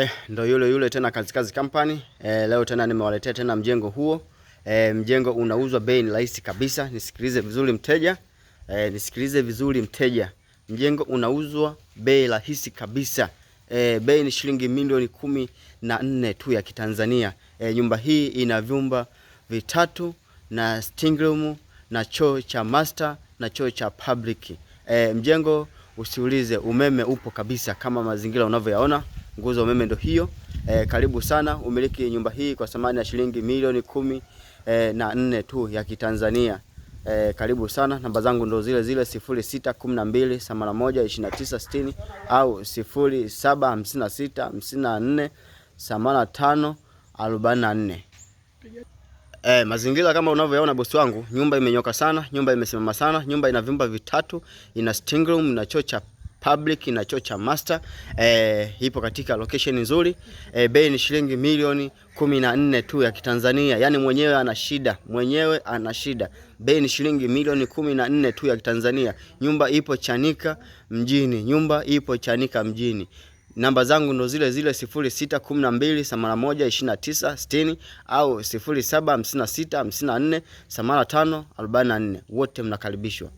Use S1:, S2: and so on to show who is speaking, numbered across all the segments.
S1: Eh, ndo yule yule tena Kazikazi Company. E, eh, leo tena nimewaletea tena mjengo huo. E, mjengo unauzwa bei ni rahisi kabisa. Nisikilize vizuri mteja. E, nisikilize vizuri mteja. Mjengo unauzwa bei rahisi kabisa. E, bei ni shilingi milioni kumi na nne tu ya Kitanzania. E, nyumba hii ina vyumba vitatu na sitting room na choo cha master na choo cha public. E, mjengo usiulize, umeme upo kabisa kama mazingira unavyoyaona nguzo umeme ndo hiyo. E, karibu sana umiliki nyumba hii kwa thamani ya shilingi milioni kumi e, na nne tu ya Kitanzania. E, karibu sana. Namba zangu ndo zile zile sifuri sita kumi na mbili themanini na moja ishirini na tisa sitini au sifuri saba hamsini na sita hamsini na nne themanini na tano arobaini na nne. Eh, mazingira kama unavyoona bosi wangu, nyumba imenyoka sana, nyumba imesimama sana, nyumba ina vyumba vitatu, ina sitting room na choo cha public na chuo cha master eh, ipo katika location nzuri eh, bei ni shilingi milioni kumi na nne tu ya Kitanzania. Yani mwenyewe ana shida, mwenyewe ana shida. Bei ni shilingi milioni kumi na nne tu ya Kitanzania. Nyumba ipo Chanika mjini, nyumba ipo Chanika mjini. Namba zangu ndo zile zile 0612812960 au 0756548544. Wote mnakaribishwa.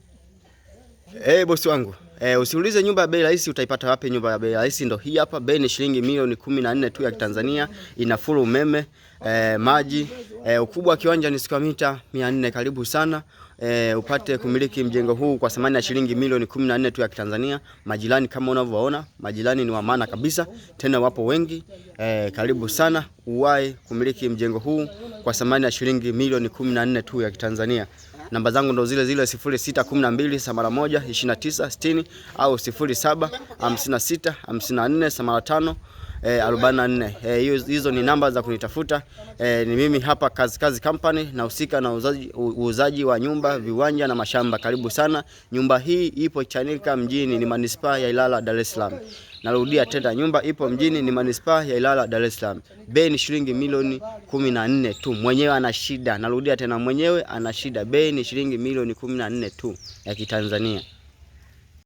S1: Eh, bosi wangu eh, usiulize nyumba ya bei rahisi utaipata wapi? Nyumba ya bei rahisi ndo hii hapa. Bei ni shilingi milioni kumi na nne tu ya Kitanzania, ina full umeme, eh, maji eh, ukubwa wa kiwanja ni square mita 400. Karibu sana eh, upate kumiliki mjengo huu kwa thamani ya shilingi milioni kumi na nne tu ya Kitanzania. Majirani kama unavyoona, majirani ni wa maana kabisa, tena wapo wengi eh, karibu sana uwahi kumiliki mjengo huu kwa thamani ya shilingi milioni kumi na nne tu ya Kitanzania. Namba zangu ndo zile zile 0612 samara moja au 0756 54 samara tano eh, 44. Eh, hiyo hizo ni namba za kunitafuta. Eh, ni mimi hapa Kazi Kazi Company nahusika na uuzaji wa nyumba, viwanja na mashamba. Karibu sana. Nyumba hii ipo Chanika mjini, ni manispaa ya Ilala, Dar es Salaam. Narudia tena, nyumba ipo mjini, ni manispaa ya Ilala, Dar es Salaam. Bei ni shilingi milioni 14 tu. Mwenyewe ana shida. Narudia tena, mwenyewe ana shida. Bei ni shilingi milioni 14 tu ya Kitanzania.